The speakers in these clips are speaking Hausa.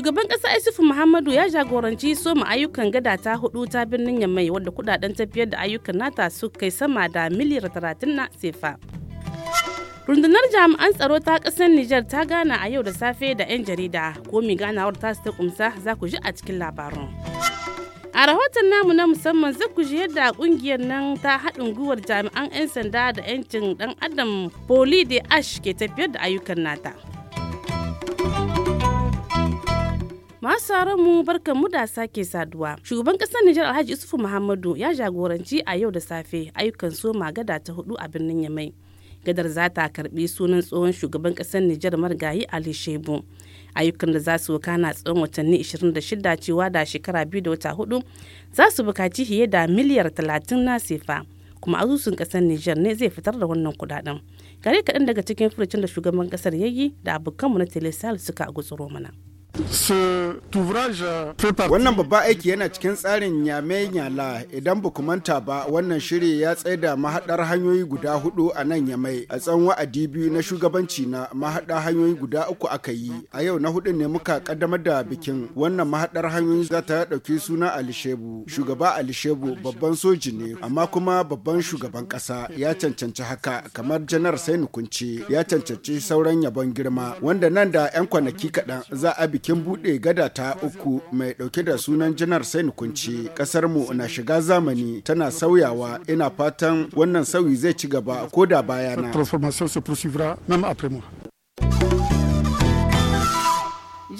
shugaban kasa isufu muhammadu ya jagoranci soma ayyukan gada ta hudu ta birnin yamai wadda kudaden tafiyar da ayyukan nata su kai sama da miliyar 30 na sefa rundunar jami'an tsaro ta kasar niger ta gana a yau da safe da 'yan jarida komi ganawar ta ta kumsa za ku ji a cikin labarin a rahoton namu na musamman za ku ji yadda kungiyar nan ta haɗin gwiwar jami'an 'yan sanda da 'yancin dan adam poli de ash ke tafiyar da ayyukan nata masu mu barkan mu da sake saduwa shugaban kasar nijar alhaji isufu muhammadu ya jagoranci a yau da safe ayyukan soma gada ta hudu a birnin yamai gadar za ta karbi sunan tsohon shugaban kasar nijar marigayi ali shebu ayyukan da za su wakana tsawon watanni 26 cewa da shekara biyu da wata hudu za su bukaci fiye da miliyar 30 na sefa kuma asusun kasar nijar ne zai fitar da wannan kudaden gare kaɗan daga cikin furucin da shugaban kasar yayi da abokanmu na telesal suka gutsuro mana Wannan babban aiki yana cikin tsarin Nyame Nyala idan ba ku manta ba wannan shiri ya tsaida mahaɗar hanyoyi guda hudu a nan Yamai a tsawon wa'adi biyu na shugabanci na mahaɗa hanyoyi guda uku aka yi. A yau na hudu ne muka kaddamar da bikin wannan mahaɗar hanyoyi za ta ɗauki suna Alishebu. Shugaba Alishebu babban soji ne amma kuma babban shugaban ƙasa ya cancanci haka kamar janar sai nukunci ya cancanci sauran yabon girma wanda nan da 'yan kwanaki kaɗan za a bikin bikin buɗe gada ta uku mai ɗauke da sunan janar Sain Kunce. Ƙasar mu na shiga zamani tana sauyawa ina fatan wannan sauyi zai ci gaba ko da bayana.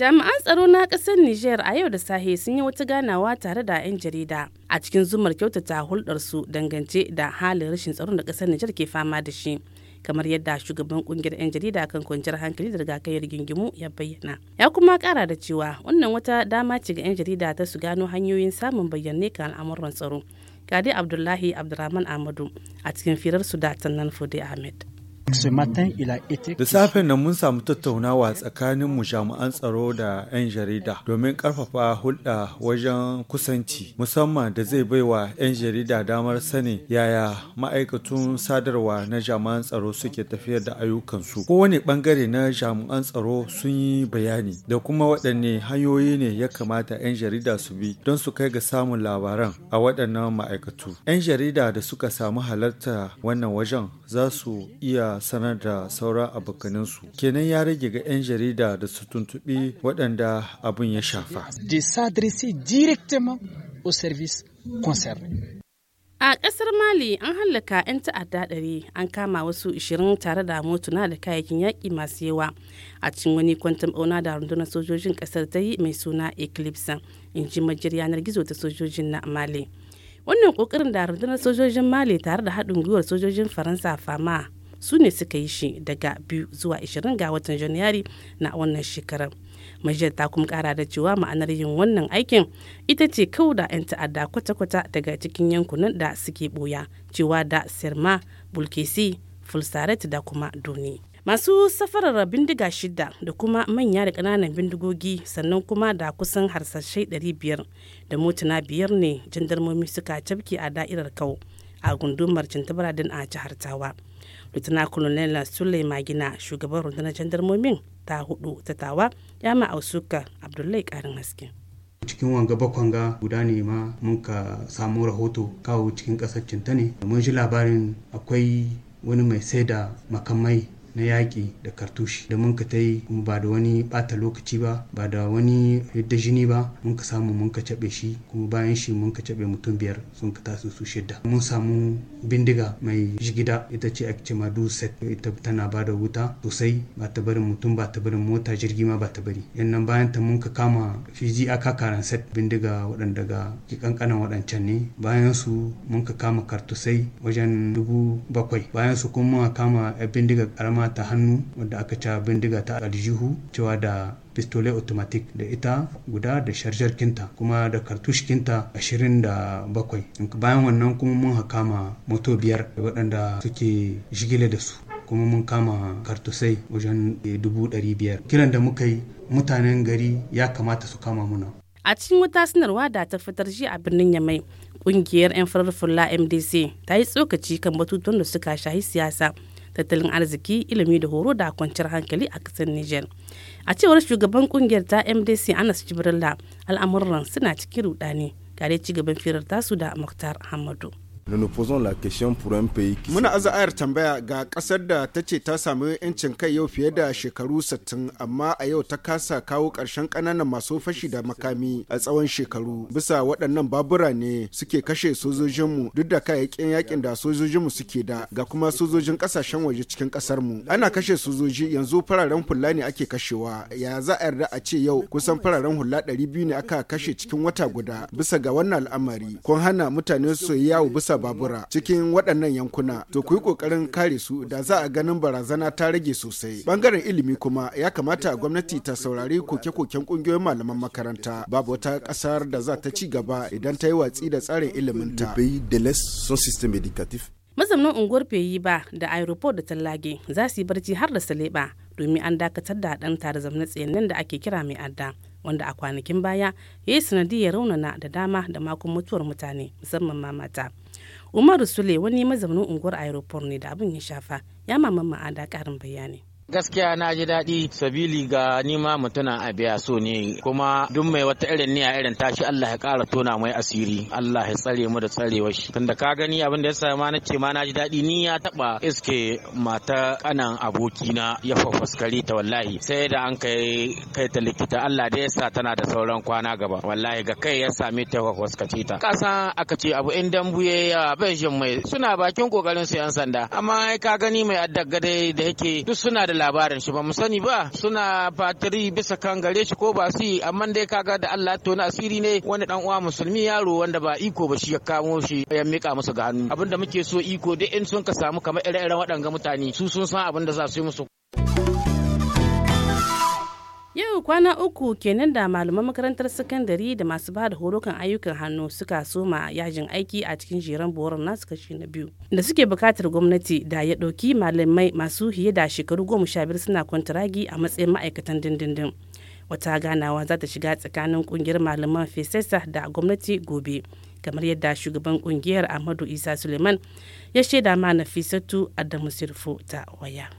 jami'an tsaro na kasar niger a yau da sahe sun yi wata ganawa tare da 'yan jarida a cikin zumar kyautata hulɗarsu dangance da halin rashin tsaron da kasar niger ke fama da shi kamar yadda shugaban kungiyar 'yan jarida kan kwanciyar hankali da rigakayar gingimu ya bayyana ya kuma kara da cewa wannan wata dama ce ga 'yan jarida ta su gano hanyoyin samun bayyane kan al'amuran tsaro kadi abdullahi abdurrahman ahmadu a cikin firar su da tannan fude ahmed Mm. Da safen nan mun samu tattaunawa tsakanin mu jami'an tsaro da 'yan jarida domin karfafa hulɗa wajen kusanci musamman da zai baiwa 'yan jarida damar sani yaya ma'aikatun sadarwa na jami'an tsaro suke tafiyar da ayyukansu. Kowane bangare na jami'an tsaro sun yi bayani da kuma waɗanne hanyoyi ne ya kamata 'yan jarida su bi don su kai ga samun labaran a waɗannan ma'aikatu. 'Yan jarida da suka samu halarta wannan wajen za su iya sanar da sauran abokanansu kenan ya rage ga 'yan jarida da su tuntubi waɗanda abin ya shafa A kasar Mali an hallaka 'yan ta'adda ɗari an kama wasu 20 tare da motuna da kayayyakin yaƙi masu yawa a cikin wani kwantan bauna da rundunar sojojin kasar ta yi mai suna Eclipse in ji majiyar yanar gizo ta sojojin na Mali. Wannan ƙoƙarin da rundunar sojojin Mali tare da haɗin gwiwar sojojin Faransa fama su ne suka yi shi daga biyu zuwa 20 ga watan janairu na wannan shekarar majiyar ta kuma kara da cewa ma'anar yin wannan aikin ita ce kau da 'yan ta'adda kwata-kwata daga cikin yankunan da suke boya cewa da sirma bulkesi fulsaret da kuma doni masu safarar bindiga shida da kuma manya da kananan bindigogi sannan kuma da kusan harsashe 500 da motuna biyar ne jandarmomi suka cafke a da'irar kau a gundumar cintabaradin a jihar tawa lieutenant colonel sule magina shugaban rundunar jandarmomin ta hudu ta tawa ya ausuka abdullahi karin haske cikin wanga bakwan guda ne ma mun ka samu rahoto kawo cikin kasar cinta ne mun ji labarin akwai wani mai sai da makamai na yaƙi da kartushi da mun ka ta yi kuma ba da wani ɓata lokaci ba ba da wani yadda jini ba mun ka samu mun ka caɓe shi kuma bayan shi mun ka caɓe mutum biyar sun ka tasu su shidda mun samu bindiga mai jigida ita ce ake ce ma duset ita tana ba da wuta sosai ba ta barin mutum ba ta barin mota jirgi ma ba ta bari yan nan bayan ta mun ka kama fiji aka karan set bindiga waɗanda ga kankanan waɗancan ne bayan su mun ka kama kartusai wajen dubu bakwai bayan su kuma kama bindiga karama ta hannu wadda aka ca bindiga ta aljihu cewa da pistolet automatic da ita guda da sharjar kinta kuma da kartush kinta 27 bayan wannan kuma mun hakama moto biyar waɗanda suke jigile da su kuma mun kama kartusai wajen eh, dubu ɗari biyar kiran da muka yi mutanen gari ya kamata su kama muna a cikin wata sanarwa da ta fitar shi a birnin yamai kungiyar 'yan farar fulla mdc ta yi tsokaci kan batutuwan da suka shahi siyasa tattalin arziki ilimi da horo da kwanciyar hankali a kasar niger a cewar shugaban kungiyar ta mdc anas jibrilla al'amuran suna cikin rudani gare ci gaban firar tasu da muktar hamadu Muna aza ayar tambaya ga ƙasar da ta ce ta samu 'yancin kai yau fiye da shekaru 60 amma a yau ta kasa kawo ƙarshen ƙananan masu fashi da makami a tsawon shekaru. Bisa waɗannan babura ne suke kashe sojojinmu duk da kayayyakin yakin da sojojinmu suke da ga kuma sojojin ƙasashen waje cikin ƙasarmu. Ana kashe sojoji yanzu fararen hula ne ake kashewa. Ya za a yarda a ce yau kusan fararen hula ɗari biyu ne aka kashe cikin wata guda bisa ga wannan al'amari. Kun hana mutane su yawo bisa bisa babura cikin waɗannan yankuna to ku yi ƙoƙarin kare su da za a ganin barazana ta rage sosai. ɓangaren ilimi kuma ya kamata gwamnati ta saurari koke-koken ƙungiyoyin malaman makaranta babu wata ƙasar da za ta ci gaba idan ta yi watsi da tsarin iliminta. mazaunan unguwar feyi ba da aeroport da tallage za su yi barci har da saleba domin an dakatar da haɗan tare zamna tsayannen da ake kira mai adda wanda a kwanakin baya ya yi sanadiyar raunana da dama da makon mutuwar mutane musamman ma mata. umaru sule wani mazaunin unguwar aeroport ne da abin ya shafa ya mamman ma'ada karin bayani Gaskiya na ji daɗi sabili ga nima mutuna a biya so ne kuma duk mai wata irin niya irin tashi Allah ya ƙara tona mai asiri Allah ya tsare mu da tsarewar shi. Tunda ka gani abin da ya sa ma na ce ma na ji daɗi ni ya taɓa iske mata kanan aboki na ya fafaskare ta wallahi sai da an kai kai ta likita Allah da sa tana da sauran kwana gaba wallahi ga kai ya same ta fafaskace ta kasa aka ce abu in dambu ya bai mai suna bakin kokarin su yan sanda amma ka gani mai addagga dai da yake duk suna da labarin shi ba mu sani ba suna fatiri bisa kan gare shi ko ba su yi amma dai kaga da Allah to na asiri ne wani dan uwa musulmi yaro wanda ba iko ba shi ya kamo shi ya mika musu ga hannu abinda muke so iko dai in sun ka samu kamar ire-iren waɗanga mutane su sun san abin da za su yi musu Yau kwana uku kenan da malaman makarantar sakandare da masu ba da horo kan ayyukan hannu suka soma yajin aiki a cikin jeren boron nasu kashi na biyu. Da suke bukatar gwamnati da ya ɗauki malamai masu hiye da shekaru goma sha biyar suna kwantaragi a matsayin ma'aikatan dindindin. Wata ganawa za ta shiga tsakanin kungiyar malaman fesesa da gwamnati gobe. Kamar yadda shugaban kungiyar Ahmadu Isa Suleiman ya shaida ma Nafisatu Adamu Sirfo ta waya.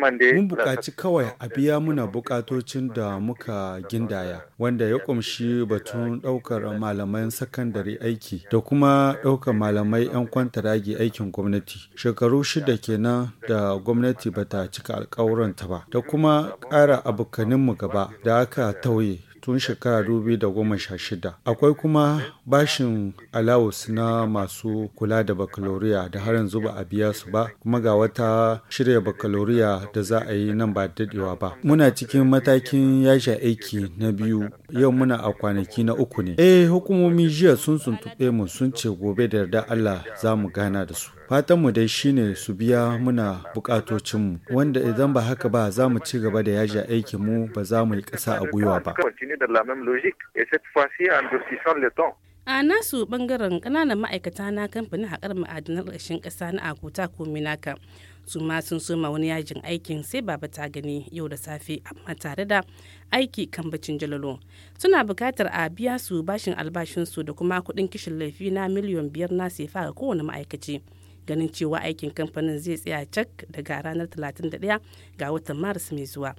Mun buƙaci kawai a biya muna buƙatocin da muka gindaya, wanda ya ƙumshi batun ɗaukar malaman sakandare aiki da kuma ɗaukar malamai 'yan kwantaragi aikin gwamnati. Shekaru shida kenan da gwamnati bata cika alƙawuranta ba, da kuma ƙara abokaninmu gaba da aka tauye tun shekara da goma sha 2016. Akwai kuma bashin alawus na masu kula da bakaloriya da har yanzu ba a biya su ba kuma ga wata shirya bakaloriya da za a yi nan ba daɗewa ba. Muna cikin matakin yashi aiki na biyu yau muna a kwanaki na uku ne. Eh hukumomi jiya sun tuntuɓe mu sun ce gobe da yarda Allah za mu gana da su. Fatanmu dai shine su biya muna bukatocinmu, wanda idan ba haka ba za mu ci gaba da yaji aikin mu ba za mu yi ƙasa a gwiwa ba. A nasu bangaren ƙananan ma'aikata na kamfanin haƙar ma'adanar ƙarshen ƙasa na Akuta ko Minaka. su ma sun soma wani yajin aikin sai baba ta gani yau da safe amma tare da aiki kan bacin jalolo suna buƙatar a biya su bashin albashinsu da kuma kuɗin kishin laifi na miliyan biyar na sefa ga kowane ma'aikaci ganin cewa aikin kamfanin zai tsaya cak daga ranar 31 ga watan maris mai zuwa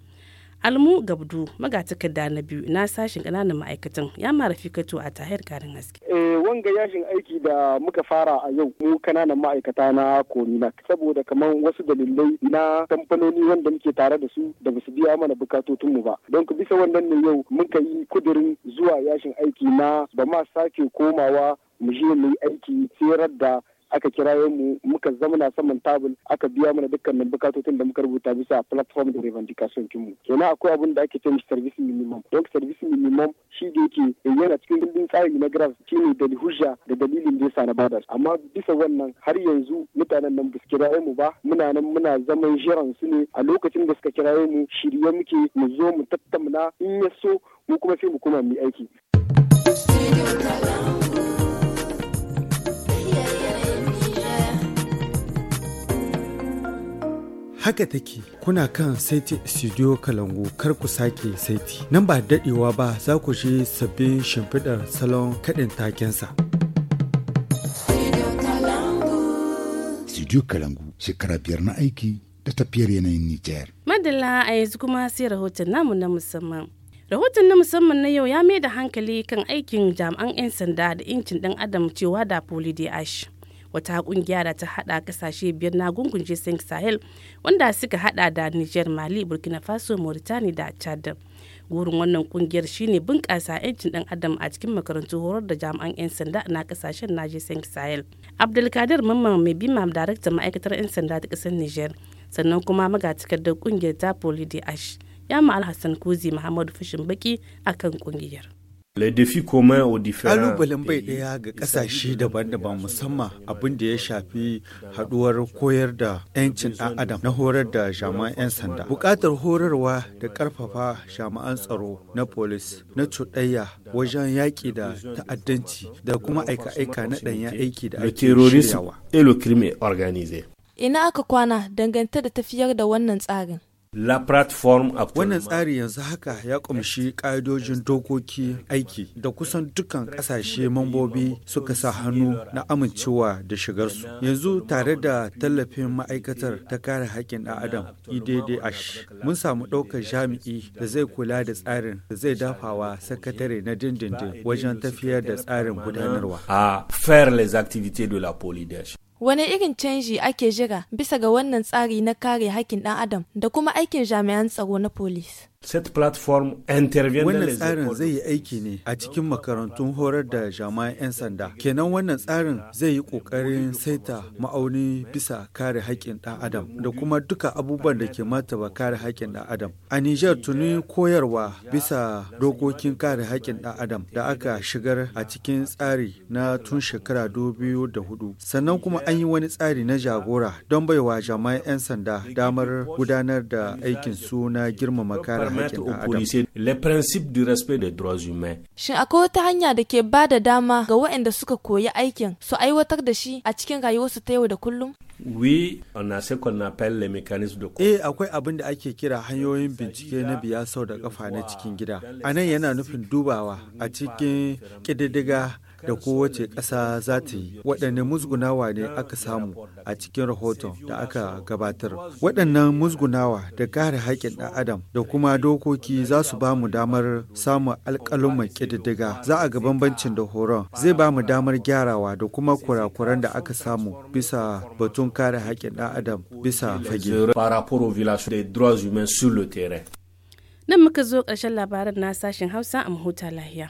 almu gabdu magatakarda na biyu na sashen kananan ma'aikatan ya mara fikato a tahir garin haske. Eh, wanga yashin aiki da muka fara a yau mu kananan ma'aikata na kominak saboda kamar wasu dalilai na kamfanoni wanda muke tare da su da basu biya mana bukatotunmu ba don ku bisa wannan ne yau muka yi kudirin zuwa yashin aiki na ba ma sake komawa mu je mu yi aiki tserar da aka kiraye mu muka zamana saman tabul aka biya mana dukkanin bukatotin da muka rubuta bisa platform da revendication kinmu kenan akwai abun da ake cewa service minimum don service minimum shi da yake eh, yana cikin dindin tsari na graph ne da hujja da dalilin da yasa na bada amma bisa wannan har yanzu mutanen nan ba su kira mu ba muna nan muna zaman jiran su ne a lokacin da suka kiraye mu shirye muke mu zo mu tattauna in ya so mu kuma sai mu kuma mu aiki. haka take kuna kan saiti studio kalangu kar ku sake saiti nan ba dadewa ba za ku shi sabbin shimfiɗar salon kaɗin takensa. Studio Kalangu shekara biyar na aiki da tafiyar yanayin Nijar. Madalla a yanzu kuma sai rahoton namu na musamman. Rahoton na musamman na yau ya mai da hankali kan aikin jami'an 'yan sanda da incin dan adam cewa da Polidi Ash. wata kungiya da ta hada kasashe biyar na gungun saint sahel wanda suka hada da niger mali burkina faso mauritania da chad gurin wannan kungiyar shine bunƙasa 'yancin dan adam a cikin makarantu horar da jami'an 'yan sanda na kasashen naje sahel abdulkadir mamma mai bima daraktan ma'aikatar 'yan sanda ta ƙasar niger sannan kuma magatakardar kungiyar ta polidi ash ya ma alhassan kuzi muhammadu fashin baki akan kungiyar Ƙalubalen bai ɗaya ga ƙasashe daban-daban musamman abin da ya shafi haɗuwar koyar da 'yancin dan adam na horar da jama'an 'yan sanda. Buƙatar horarwa da ƙarfafa jama'an tsaro na polis na cuɗayya wajen yaƙi da ta'addanci da kuma aika-aika na ɗanyen aiki da ake shiryawa. Ina aka kwana dangantar da tafiyar da wannan tsarin. La platform Wannan tsari yanzu haka ya kumshi ƙa'idojin dokoki aiki da kusan dukkan ƙasashe mambobi suka sa hannu na amincewa da shigarsu. Yanzu tare da tallafin ma'aikatar ta kare haƙƙin ɗan adam IDDH e mun samu ɗaukar jami'i da zai kula da tsarin da zai dafawa sakatare na dindindin wajen tafiyar da tsarin gudanarwa. A faire les activités de la Wani irin canji ake jira bisa ga wannan tsari na kare hakin ɗan adam da kuma aikin jami'an tsaro na polis? set platform intervient wannan tsarin zai yi aiki ne a cikin makarantun horar da jama'an 'yan sanda kenan wannan tsarin zai yi kokarin saita ma'auni bisa kare haƙƙin ɗan adam da kuma duka abubuwan da ke martaba kare haƙƙin ɗan adam a niger tuni koyarwa bisa dokokin kare haƙƙin ɗan adam da aka shigar a cikin tsari na tun shekara da hudu sannan kuma an yi wani tsari na jagora don baiwa jama'an 'yan sanda damar gudanar da aikin su na girmama kare permettre aux policiers les principes du respect des droits humains. Shin akwai wata hanya da ke ba da dama ga waɗanda suka koyi aikin su aiwatar da shi a cikin rayuwarsu ta yau da kullum? Oui, on a ce qu'on appelle les mécanismes de Eh, akwai abin da ake kira hanyoyin bincike na biya sau da kafa na cikin gida. A nan yana nufin dubawa a cikin ƙididdiga da kowace ƙasa za ta yi waɗanne musgunawa ne aka samu a cikin rahoton da aka gabatar waɗannan musgunawa da kare haƙƙin ɗan adam da kuma dokoki za su ba mu damar samun alƙaluman ƙididdiga za a ga bambancin da horon zai ba mu damar gyarawa da kuma kurakuran da aka samu bisa batun kare haƙƙin ɗan adam bisa fage nan muka zo ƙarshen labaran na sashen hausa a mahuta lahiya